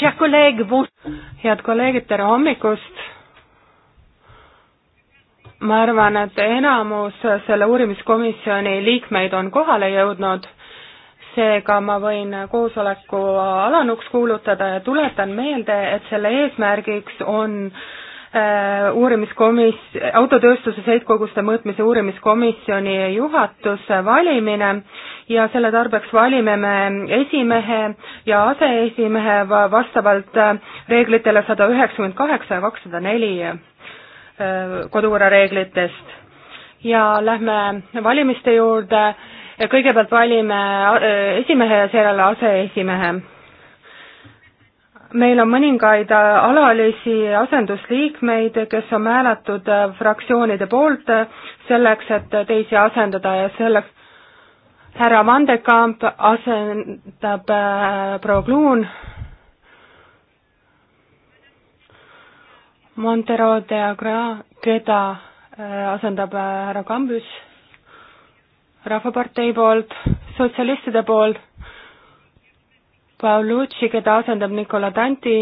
head kolleegid, tere hommikust! ma arvan, et enamus selle uurimiskomisjoni liikmeid on kohale jõudnud, seega ma võin koosoleku alanuks kuulutada ja tuletan meelde, et selle eesmärgiks on äh, Äh, uurimiskomis-, autotööstuse heitkoguste mõõtmise uurimiskomisjoni juhatuse valimine ja selle tarbeks valime me esimehe ja aseesimehe vastavalt äh, reeglitele sada üheksakümmend kaheksa ja kakssada neli äh, kodukorra reeglitest. ja lähme valimiste juurde, kõigepealt valime esimehe ja seejärel aseesimehe meil on mõningaid äh, alalisi asendusliikmeid, kes on määratud äh, fraktsioonide poolt äh, selleks, et teisi asendada ja selleks härra Vandekamp asendab proua Kluun, Montero de Agra, keda asendab härra Kambüs Rahvapartei poolt, sotsialistide poolt Paulucci, keda asendab Nicola Tanti,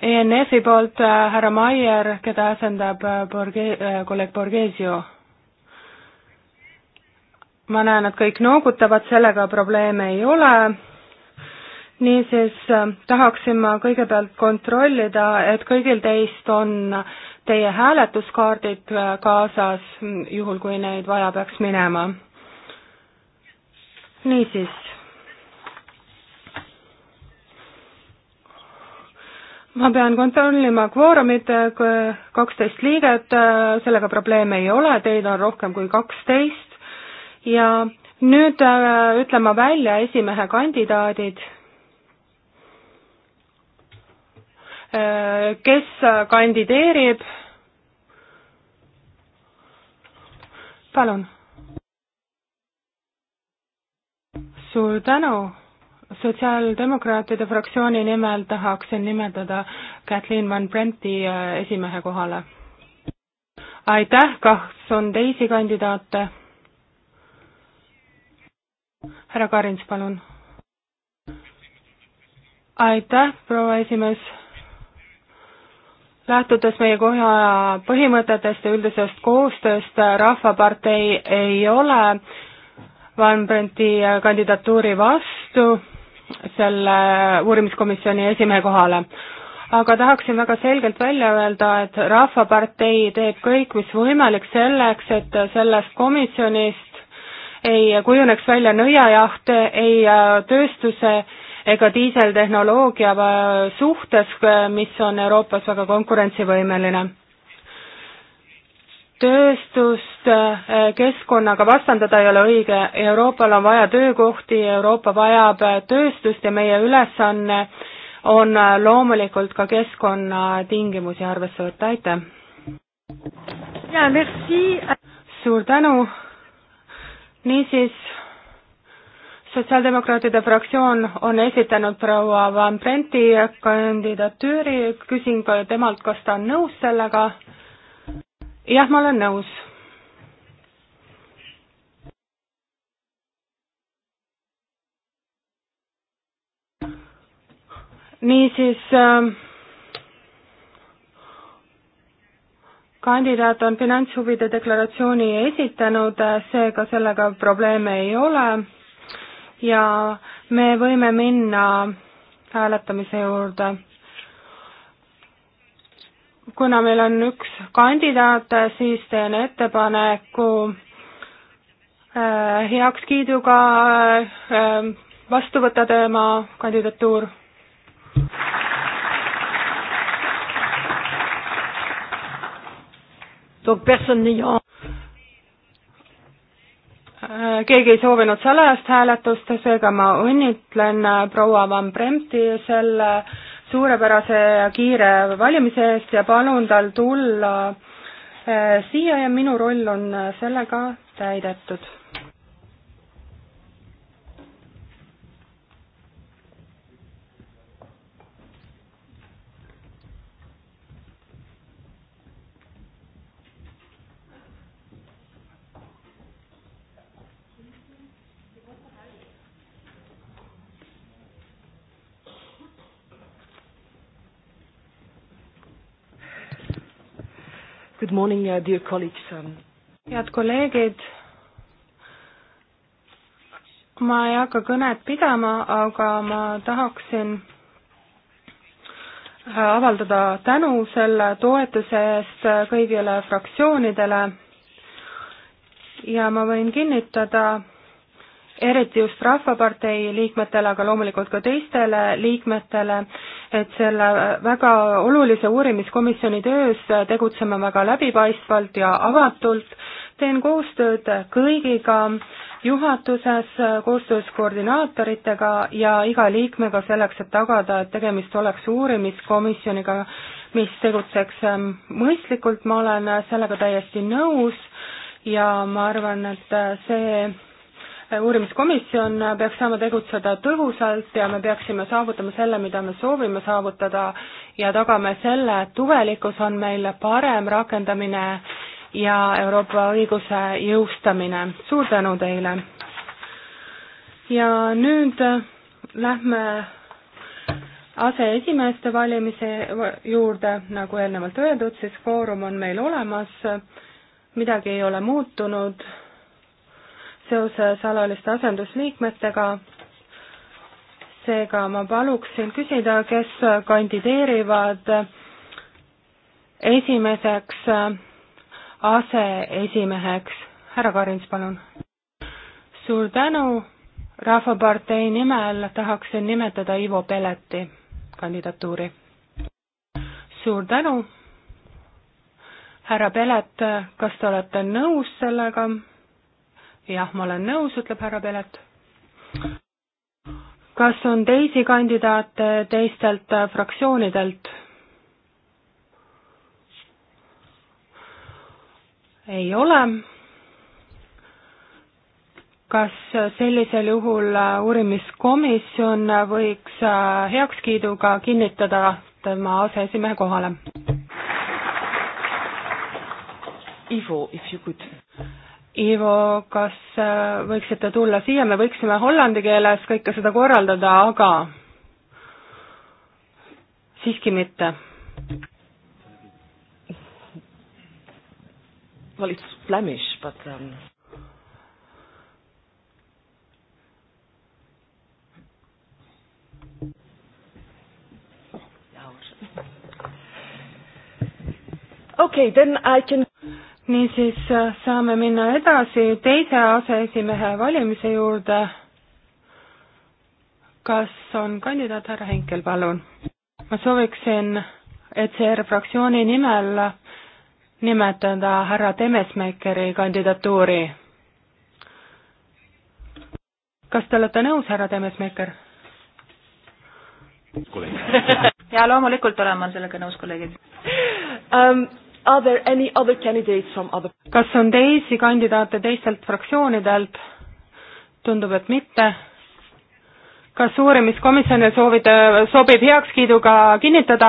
ENF-i poolt äh, härra Maier, keda asendab äh, Borge-, äh, kolleeg Borgesio. ma näen, et kõik noogutavad, sellega probleeme ei ole, niisiis tahaksin ma kõigepealt kontrollida, et kõigil teist on teie hääletuskaardid kaasas, juhul kui neid vaja peaks minema niisiis. ma pean kontrollima kvoorumit, eh, kaksteist liiget, eh, sellega probleeme ei ole, teid on rohkem kui kaksteist ja nüüd eh, ütlen ma välja esimehe kandidaadid, kes kandideerib. palun suur tänu. sotsiaaldemokraatide fraktsiooni nimel tahaksin nimetada Kathleen Van Brenti äh, esimehe kohale. aitäh, kas on teisi kandidaate? härra Karins, palun. aitäh, proua esimees. lähtudes meie koja põhimõtetest ja üldisest koostööst, äh, Rahvapartei ei ole Van Brenti äh, kandidatuuri vastu selle uurimiskomisjoni esimehe kohale. aga tahaksin väga selgelt välja öelda, et Rahvapartei teeb kõik, mis võimalik selleks, et sellest komisjonist ei kujuneks välja nõiajaht ei äh, tööstuse ega diiseltehnoloogia äh, suhtes, mis on Euroopas väga konkurentsivõimeline tööstust äh, keskkonnaga vastandada ei ole õige, Euroopal on vaja töökohti, Euroopa vajab äh, tööstust ja meie ülesanne on äh, loomulikult ka keskkonnatingimusi arvesse võtta, aitäh! jaa, merci! suur tänu! niisiis, sotsiaaldemokraatide fraktsioon on esitanud proua Van Brenti kandidatuuri, küsin ka temalt, kas ta on nõus sellega jah, ma olen nõus. niisiis äh, kandidaat on finantshuvide deklaratsiooni esitanud, äh, seega sellega probleeme ei ole ja me võime minna hääletamise juurde kuna meil on üks kandidaat, siis teen ettepaneku äh, heakskiiduga äh, vastu võtta tema kandidatuur. Äh, keegi ei soovinud salajast hääletust, seega ma õnnitlen proua Van Bremti selle äh, suurepärase ja kiire valimise eest ja palun tal tulla eh, siia ja minu roll on eh, sellega täidetud Good morning, uh, dear colleagues. Um... head kolleegid, ma ei hakka kõnet pidama, aga ma tahaksin äh, avaldada tänu selle toetuse eest äh, kõigile fraktsioonidele ja ma võin kinnitada, eriti just Rahvapartei liikmetele, aga loomulikult ka teistele liikmetele, et selle väga olulise uurimiskomisjoni töös tegutseme väga läbipaistvalt ja avatult, teen koostööd kõigiga juhatuses, koostöös koordinaatoritega ja iga liikmega selleks, et tagada, et tegemist oleks uurimiskomisjoniga, mis tegutseks ähm, mõistlikult, ma olen sellega täiesti nõus ja ma arvan, et äh, see uurimiskomisjon peaks saama tegutseda tõhusalt ja me peaksime saavutama selle, mida me soovime saavutada ja tagame selle, et tulevikus on meil parem rakendamine ja Euroopa õiguse jõustamine. suur tänu teile! ja nüüd lähme aseesimeeste valimise juurde, nagu eelnevalt öeldud, siis kvoorum on meil olemas, midagi ei ole muutunud seoses alaliste asendusliikmetega. seega ma paluksin küsida, kes kandideerivad esimeseks aseesimeheks. härra Karins, palun. suur tänu. rahvapartei nimel tahaksin nimetada Ivo Peleti kandidatuuri. suur tänu. härra Pelet, kas te olete nõus sellega? jah, ma olen nõus, ütleb härra Pelet. kas on teisi kandidaate teistelt äh, fraktsioonidelt? ei ole. kas äh, sellisel juhul äh, uurimiskomisjon võiks heakskiiduga kinnitada tema aseesimehe kohale? Ivo, if you could. Ivo, kas äh, võiksite tulla siia, me võiksime hollandi keeles kõike seda korraldada, aga siiski mitte. Well, it's Flemish, but um... Okay, then I can niisiis äh, saame minna edasi teise aseesimehe valimise juurde. kas on kandidaat härra Henkel, palun? ma sooviksin ECR fraktsiooni nimel nimetada härra Temesmäkeri kandidatuuri. kas te olete nõus, härra Temesmäker? jaa, loomulikult olen ma sellega nõus, kolleegid um,. Are there any other candidates from other kas on teisi kandidaate teistelt fraktsioonidelt? tundub, et mitte. kas uurimiskomisjoni soovite, sobib heakskiiduga kinnitada?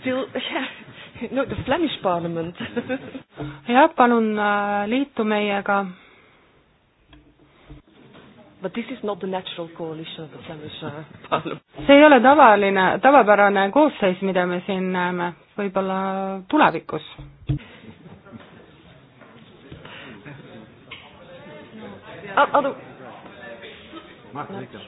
Still, no the Flemish parliament jah, palun äh, liitu meiega But this is not the natural coalition of the Flemish uh, parliament. see ei ole tavaline, tavapärane koosseis, mida me siin näeme, võib-olla tulevikus. Other... Mart Rikkel.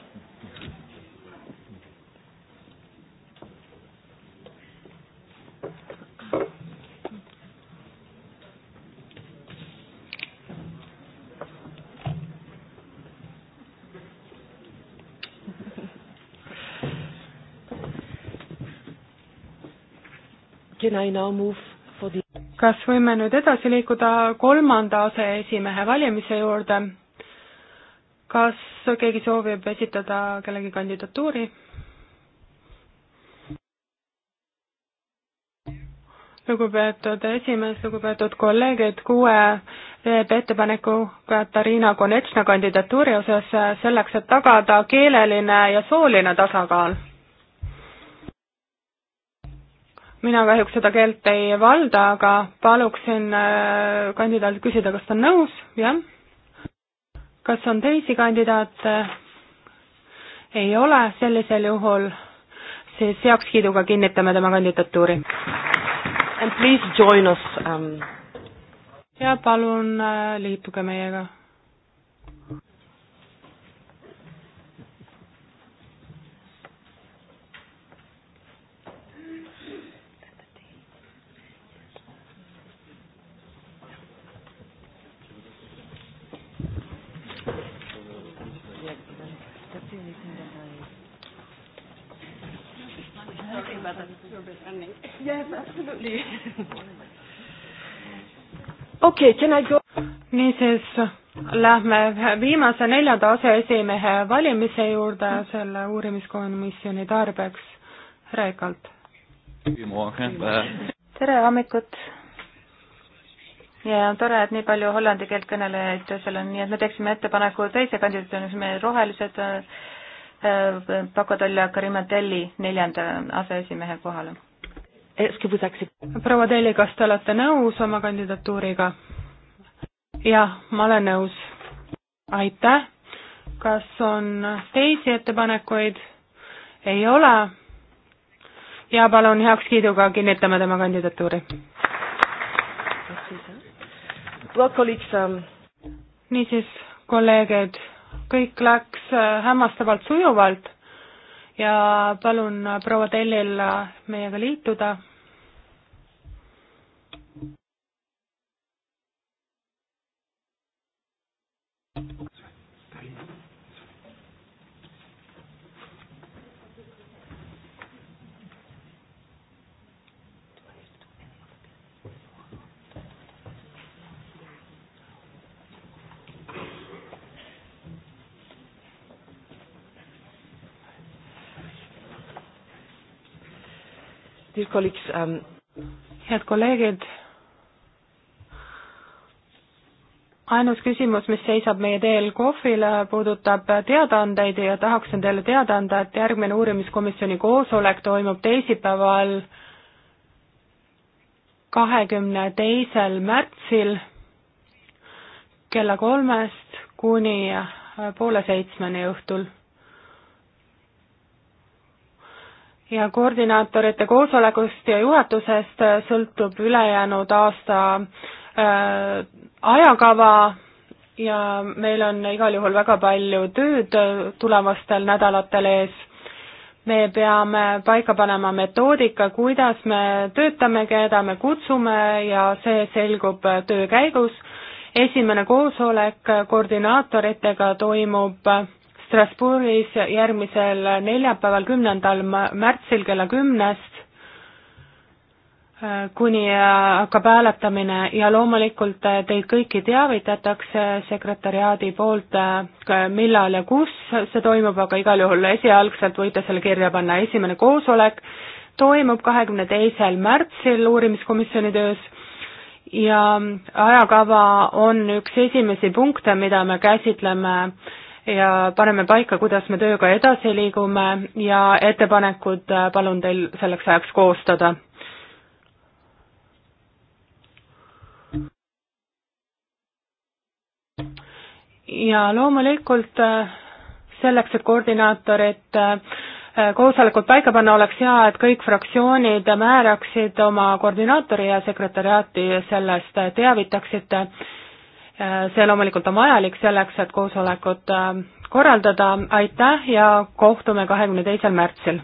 Can I now move for the kas võime nüüd edasi liikuda kolmanda aseesimehe valimise juurde? kas keegi soovib esitada kellegi kandidatuuri? lugupeetud esimees, lugupeetud kolleegid, kuue teeb ettepaneku Katariina Konechna kandidatuuri osas äh, selleks, et tagada keeleline ja sooline tasakaal. mina kahjuks seda keelt ei valda, aga paluksin äh, kandidaadilt küsida, kas ta on nõus, jah. kas on teisi kandidaate? ei ole, sellisel juhul siis heakskiiduga kinnitame tema kandidatuuri. And please join us um, ja palun äh, liituge meiega. Yes, absolutely. okei okay,, can I go? niisiis, lähme viimase neljanda aseesimehe valimise juurde selle uurimiskomisjoni tarbeks Kreekalt. tere hommikut! ja on tore, et nii palju hollandi keelt kõnelejaid seal on, nii et me teeksime ettepaneku teise kandidaadina, siis meie rohelised äh, äh Paco Toll ja Karima Telli neljanda aseesimehe kohale proua Telli, kas te olete nõus oma kandidatuuriga? jah, ma olen nõus. aitäh. kas on teisi ettepanekuid? ei ole. ja palun heakskiiduga kinnitame tema kandidatuuri. Um, niisiis, kolleegid, kõik läks äh, hämmastavalt sujuvalt ja palun proua Tellil meiega liituda. Um, head kolleegid, ainus küsimus, mis seisab meie teel KOV-ile, puudutab teadaandeid ja tahaksin teile teada anda, et järgmine uurimiskomisjoni koosolek toimub teisipäeval, kahekümne teisel märtsil kella kolmest kuni poole seitsmeni õhtul ja koordinaatorite koosolekust ja juhatusest äh, sõltub ülejäänud aasta äh, ajakava ja meil on igal juhul väga palju tööd äh, tulevastel nädalatel ees. me peame paika panema metoodika, kuidas me töötame, keda me kutsume ja see selgub äh, töö käigus. esimene koosolek koordinaatoritega toimub äh, Strasbourgis järgmisel neljapäeval, kümnendal märtsil kella kümnest, äh, kuni äh, hakkab hääletamine ja loomulikult äh, teid kõiki teavitatakse sekretäriaadi poolt, millal ja kus see toimub, aga igal juhul esialgselt võite selle kirja panna, esimene koosolek toimub kahekümne teisel märtsil uurimiskomisjoni töös ja ajakava on üks esimesi punkte, mida me käsitleme ja paneme paika, kuidas me tööga edasi liigume ja ettepanekud äh, palun teil selleks ajaks koostada. ja loomulikult äh, selleks, et koordinaatorid äh, koosolekut paika panna, oleks hea, et kõik fraktsioonid määraksid oma koordinaatori ja sekretäriaati sellest teavitaksite see loomulikult on vajalik selleks, et koosolekut äh, korraldada, aitäh ja kohtume kahekümne teisel märtsil.